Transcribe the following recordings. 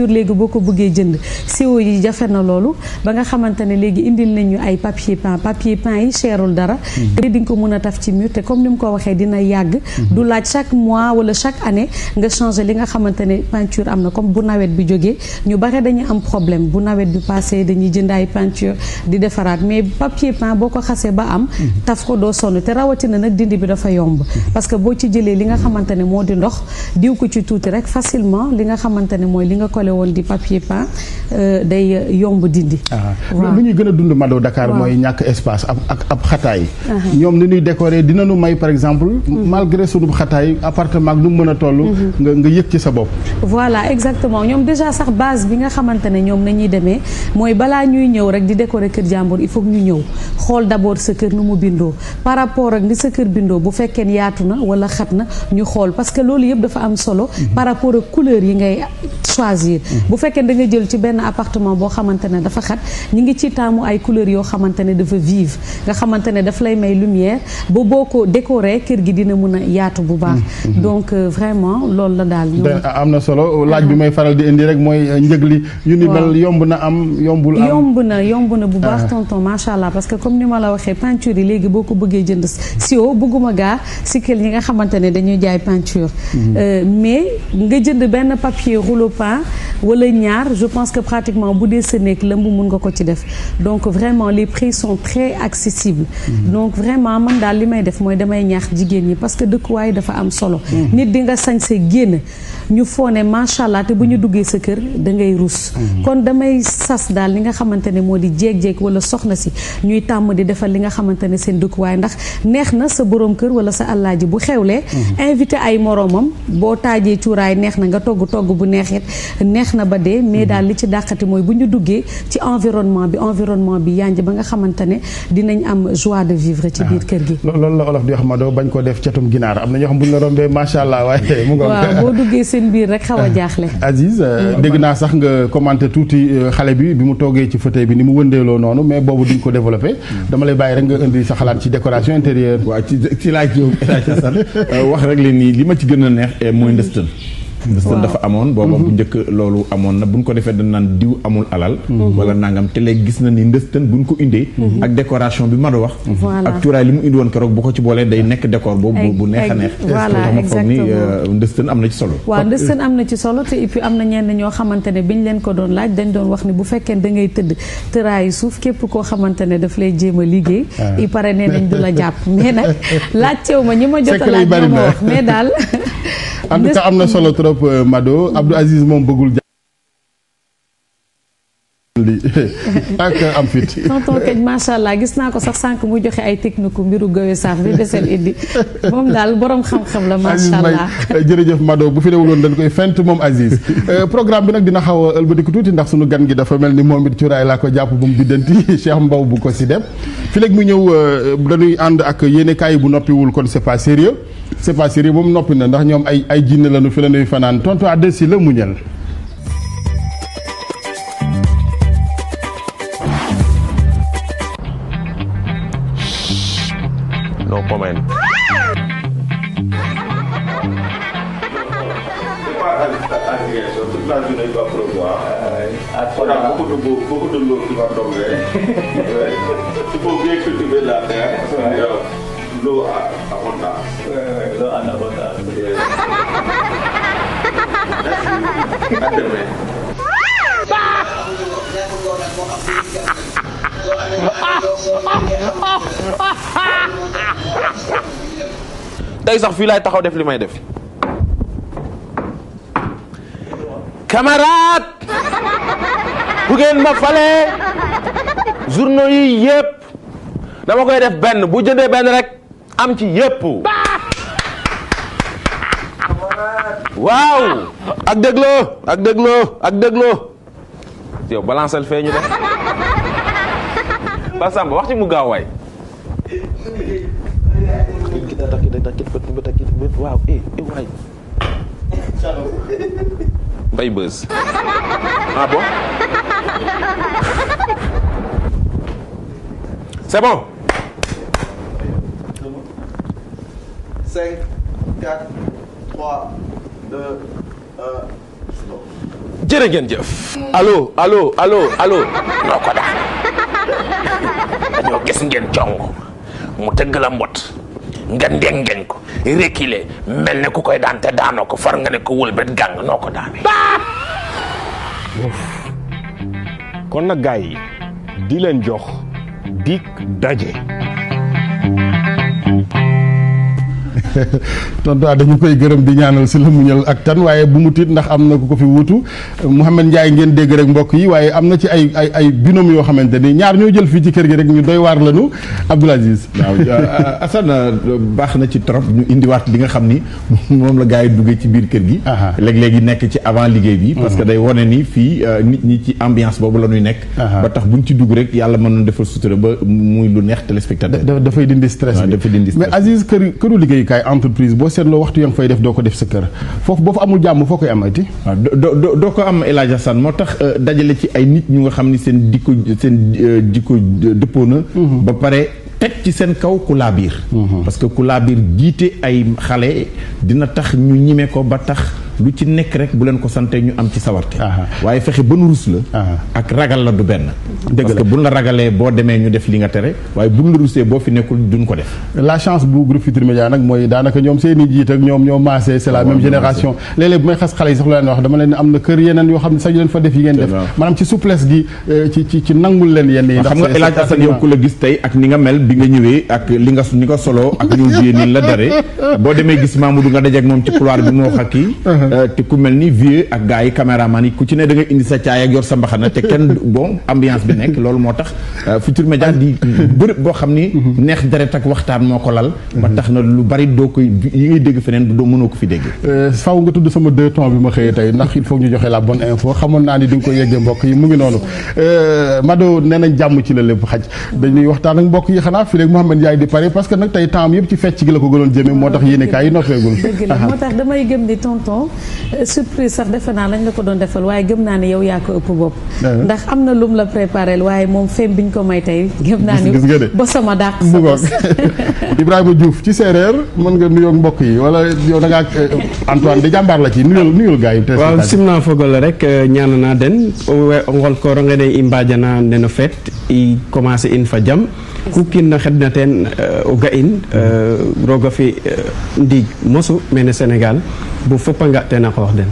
pur léegi boo ko bëggee jënd siwo yi jafe na loolu ba nga xamante ne léegi indil nañu ay papier peint papier peint yi cherul dara mhm. te di ko mën a taf ci mur te comme ni mu ko waxee dina yàgg mhm. du laaj chaque mois wala chaque année nga changer li nga xamante ne peinture am na comme bu nawet bi jógee ñu bare dañu am problème bu nawet bi passé dañuy jënd ay peinture di defaraat mais papier peint boo ko xasee ba am mhm. taf ko doo sonn te rawatina nag dindi bi dafa yomb parce boole woon di papier peint euh, day yomb dindi. Ah. waaw lu ñuy gën a dund Mado Dakar mooy ñàkk espace ak ab xataay. Uh-huh. ñoom ni ñuy décorer dina nu may par exemple. Mm-hmm. malgré sunu xataay appartement ak nu mu mën a toll. Mm-hmm. nga nga yëg ci sa bopp. voilà exactement ñoom déjà sax base bi nga xamante ne ñoom nañuy demee mooy balaa ñuy ñëw rek di décorer kër jàmbur il faut ñu ñëw xool d'abord sa kër nu mu bindoo par rapport ak ni sa kër bindoo bu fekkee yaatu na wala xat na ñu xool parce que loolu am solo. Mm-hmm. bu fekkee da nga jël ci benn appartement boo xamante ne dafa xat ñi ngi ci taamu ay couleurs yoo xamante ne dafa vive nga xamante ne daf lay may lumière ba boo ko décorer kër gi dina mun a yaatu bu baax. Mm-hmm. donc euh, vraiment loolu la daal. am na solo laaj bi may faral di indi rek mooy euh, njëg li. yu ni mel yomb na am yombul am. yomb na yomb na bu baax ah. tonton macha allah parce que comme ni ma la waxee peinture yi léegi boo ko bëggee jënd sio bëgguma gaa sikkal ñi nga xamante ne dañuy jaay peinture. Mm-hmm. Euh, wala ñaar je pense que pratiquement bu dee sa néeg lëmb mun nga ko ci def donc vraiment les prix sont très accessibles mhm. donc vraiment man daal li may def mooy damay ñaax jigéen ñi parce que dëkkuwaay dafa am solo mhm. nit di nga sañ sañse génn ñu foone macha allah te bu ñu duggee sa kër dangay ngay rus mhm. kon damay sas daal li nga xamante ne moo di jéeg-jéeg wala soxna si ñuy tàmm di defal li nga xamante ne seen dëkkuwaay ndax neex na sa borom kër wala sa àllaaji bu xewlee invité ay moromam boo taajee cuuraay neex na nga togg togg bu neexit neex na ba dee mais daal li ci dàqati mooy bu ñu duggee ci environnement bi environnement bi yànj ba nga xamante ne dinañ am joie de vivre ci biir kër gi loolu la olof di wax ma doo bañ ko def catum ginaar am na ñoo xam bu ñu la rombee macha allah waaye mu nga waaw boo duggee seen biir rek xaw a jaaxle Aziz euh, dégg naa sax nga commenté tuuti euh, xale bi bi mu toogee ci fauteuil bi ni mu wëndeeloo noonu mais boobu duñ ko développé hmm. dama lay bàyyi rek nga indi sa xalaat ci décoration intérieure waaw ci ci laaj yow euh, leen ni li ma ci gën a neex mooy ndëstal waaw dafa amoon booba bu mhm. njëkk loolu amoon na buñ ko defee dañ naan diw amul alal. Mhm. wala nangam te léegi gis na ni ndëstan buñ ko indee. Mhm. ak décoration bi ma doon wax. ak cuuraay li mu indi woon keroog ko ci boolee day nekk décor boobu bu neex a neex. voilà exactement euh, ndëstan am na ci solo. waaw ndëstan am na ci solo te et am na ñenn ñoo xamante ne biñ leen ko doon laaj dañ doon wax ni bu fekkee da ngay tëdd tëraayu suuf képp koo xamante ne daf lay jéem a liggéey. Ah. i pare nee nañ du la jàpp mais nag ma ñi ma jot a laaj ma wax mais daal Diop euh, Mado Abdou Aziz moom bëggul lii ak am fit tonton Kaj macha allah gis naa ko sax sànq mu joxe ay technique mbiru gawe saaf bi desel indi moom daal borom xam-xam la macha allah eh, jërëjëf Mado bu fi newuloon dañ koy fent moom Aziz eh, programme bi nag dina xaw a ëlbatiku tuuti ndax sunu gan gi dafa mel ni moom it cuuraay laa ko jàpp bu mu biddanti Cheikh Mbow bu ko si dem fi mu ñëw eh, dañuy ànd ak yéene kaay bu noppiwul kon c'est pas sérieux c'est sérieux moom noppi na ndax ñoom ay ay jinne lañu fi la ñuy fanaan tonton Adessi no comment. toute la journée il va pleuvoir. Ah, on a beaucoup de, beaucoup de l'eau qui va tomber. Il faut bien cultiver la terre. L'eau à abondance. L'eau en abondance. Merci. À demain. Ah! Ah! Ah! Ah! Ah! tey sax fii taxaw def li may def camarade bu ngeen ma falee dama koy def benn bu jëndee benn rek am ci yëpp waaw ak dégloo ak dégloo ak dégloo yow balancel fee wax ci mu gaaw takit kita takit takit takit takit waaw eh eh waay. mbay bës. ah bon. c'est bon. 5 4 3 2 1 stop. jërë ngeen jëf. allo allo allo allo. noo ko daan dañoo gis ngeen cong mu tëgg la mbot. nga ndengeñ ko reculer mel ne ku koy daan te daanoo ko far nga ne ko wëlbët gàng noo ko daane kon nag gars di leen jox dig daje tonton dañu koy gërëm di ñaanal si la muñal ak tan waaye bu mu tiit ndax am na ku ko fi wuutu Mouhamed Ndiaye ngeen dégg rek mbokk yi waaye am na ci ay ay ay binôme yoo xamante ni ñaar ñoo jël fii ci kër gi rek ñu doy waar lañu Abdoul Aziz. waaw Assane baax na ci trop ñu indiwaat li nga xam ni moom la gars yi duggee ci biir kër gi. léeg-léegi nekk ci avant liggéey bi. parce que day wane ni fii euh, nit ñi ci ambiance boobu la ñuy nekk. ba tax buñ ci dugg rek mën na defal sutura ba muy lu neex téléspectateur. entreprise boo seetloo waxtu ya nga fay def doo ko def sa kër foofu boo fa amul jàmm foo koy amati. waaw ah, doo doo ko am El san moo tax euh, dajale ci ay nit ñu nga xam ni seen dikko seen euh, dikko dëppoo na. Mm-hmm. ba pare. teg ci seen kaw ku laa biir mhm. parce que ku laa biir jiite ay xale dina tax ñu ñime ko ba tax lu ci nekk rek bu leen ko sante ñu am ci sawarte waaye fexe ba nu rus la ak ragal la du benn dëgg la parce que buñ la ragalee boo demee ñu def li nga tere waaye buñ la rusee boo fi nekkul duñ ko def la chance bu groupe Futurs Médias nag mooy daanaka ñoom seen jiit ak ñoom ñoo maasee c'est la oh, même génération léeg-léeg bu may xas xale yi sax lu leen wax dama leen am na kër yeneen yoo xam ne sax ñu fa def yi ngeen def maanaam ci souplesse gi euh, ci ci leen yenn yi nga El Hadj Assane yow ku la gis tey ak ni nga mel bi nga ñëwee ak li nga ni nga solo ak ñëw uh-huh. uh, vie yi caméraman yi ku ci ne da nga sa caay ak yor sa mbaxana te kenn moo tax uh, Futurs Médias di bërëb boo xam ni uh-huh. neex deret ak waxtaan moo ko lal ba uh-huh. tax na lu bari doo koy yi ngay dégg feneen doo mënoo ko fi dégg uh, faaw nga tudd sama deux temps bi ma xëyee tey ndax il faut ñu joxe la bonne info xamoon naa ni di nga ko yeggee mbokk yi mu ngi noonu Mado nee nañ jàmm ci la lépp xaj dañuy waxtaan ak mbokk yi xanaa naa fi léegi di pare parce que nag tey temps yëpp ci fecc gi la ko gënoon jëme moo tax yéene kaay yi noppeegul dëgg la moo tax damay gëm ni tonton euh, surprise sax defe naa lañ la ko defal waaye gëm naa ne yow yaa ko ëpp bopp eh eh. ndax am na lum la préparé waaye moom fem biñ ko may tey gëm naa ni ba sama dàq mu mën nga nuyoo mbokk yi wala yow da ngaa euh, Antoine di jàmbaar la ci nuyul nuyul gars yi waaw simna fogole rek euh, ñaana naa den ngol i mbaajana ndeno feet i commencé na xedna teen euh, o ga'in euh, roog a fi euh, ndiig mosu mene senegal bu fop a nga teen a xoox den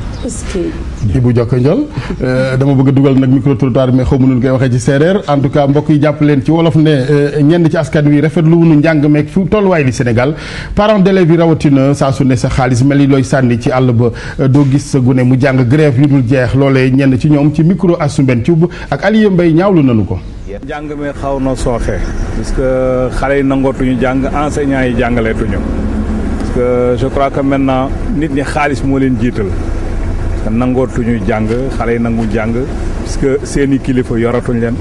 Ibou Dioko Ndiol dama bëgg a dugal nag micro trottoir mais xaw ma nu koy waxee ci séeréer en tout cas mbokk yi jàpp leen ci wolof ne ñenn ci askan wi rafetlu wuñu njàng meeg fi tolluwaay li senegal parents d'élèves bi rawatina saa su ne sa xaalis mel ni looy sànni ci àll ba doo gis sa gune mu jàng grève yu dul jeex loolee ñenn ci ñoom ci micro Assou Mbène Thioub ak Aliou Mbaye ñaawlu nanu ko jàng njàng xaw na sooxe. parce que xale yi nangootuñu jàng enseignants yi jàngaleetuñu. parce que je crois que maintenant nit ñi xaalis moo leen jiital. nangootuñu jàng xale yi nangu jàng parce que seeni kilifa yoratuñ leen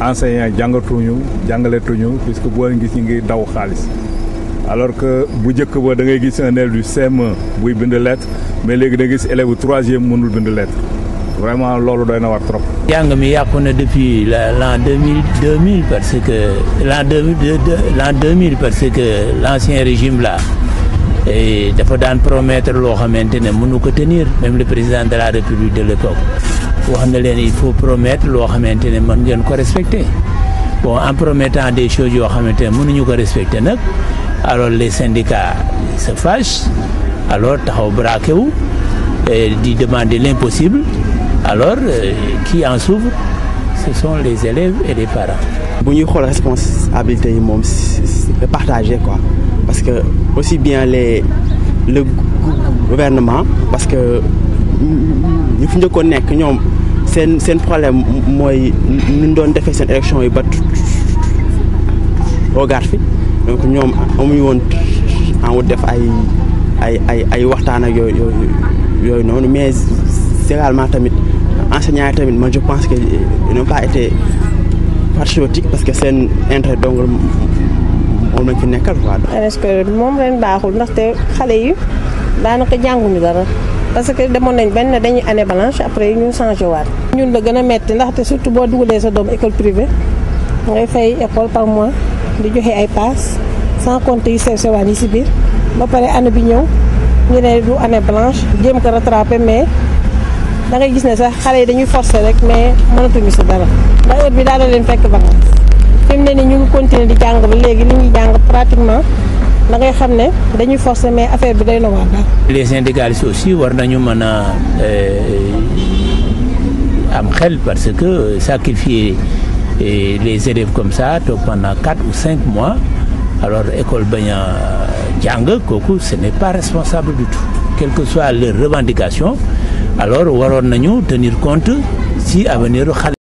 enseignants yi jàngatuñu jàngaletuñu puisque boo leen gis ñu ngi daw xaalis. alors que bu njëkk ba da ngay gis un élève du cm e buy bind lettre mais léegi da gis élève bu troisième mënul bind lettre. vraiment loolu doy na war trop. jàng mi yàqu na depuis la deux mille deux mille parce que l'an deux mille l'an deux mille parce que l'ancien régime là dafa daan promettre loo xamante ne mënu ko tenir même le président de la république de l'époque wax na leen il faut promettre loo xamante ne mën ngeen ko respecter bon en promettant des choses yoo xamante ne mënuñu ko respecter nag alors les syndicats se fâchent alors taxaw braqué wu di demander l'impossible. Alors, euh, qui en souffre ce sont les élèves et les parents. bu ñuy xool responsabilité yi moom c'est partagé ko parce que aussi bien les le gouvernement parce que ñu fi njëkkoon nekk ñoom seen seen problème mooy ñu doon defee seen élection yi ba rogaat fi donc ñoom amuñu woon en def ay ay ay ay waxtaan ak yooyu noonu mais généralement tamit. enseignants yi tamit man je pense que euh, ils n'ont pas été patriotiques parce que seen intérêt dong moom lañ fi nekkal quoi. que moom ren baaxul ndaxte xale yi daanaka jànguñu dara. parce que demoon nañ benn dañuy année blanche après ñu changé waat. ñun la gën a metti ndaxte surtout boo dugalee sa doom école privée ngay fay école par mois di joxe ay paas sans compter yu sew sewaan yi si biir ba pare année bi ñëw ñu ne du année blanche jéem ko rattraper mais. da ngay gis ne sax xale yi dañuy forcer rek mais mënatuñu si dara ndax bi daana leen fekk ba fi mu ne nii ñu ngi continuer di jàng ba léegi li ñuy jàng pratiquement da ngay xam ne dañuy forcer mais affaire bi day na waar daal. les syndicalistes aussi war nañu mën a euh, am xel parce que sacrifier euh, les élèves comme ça toog pendant quatre ou cinq mois alors école bañ a jàng kooku ce n'est pas responsable du tout quelles que soient leurs revendications alors waroon nañu tenir compte si avenir xale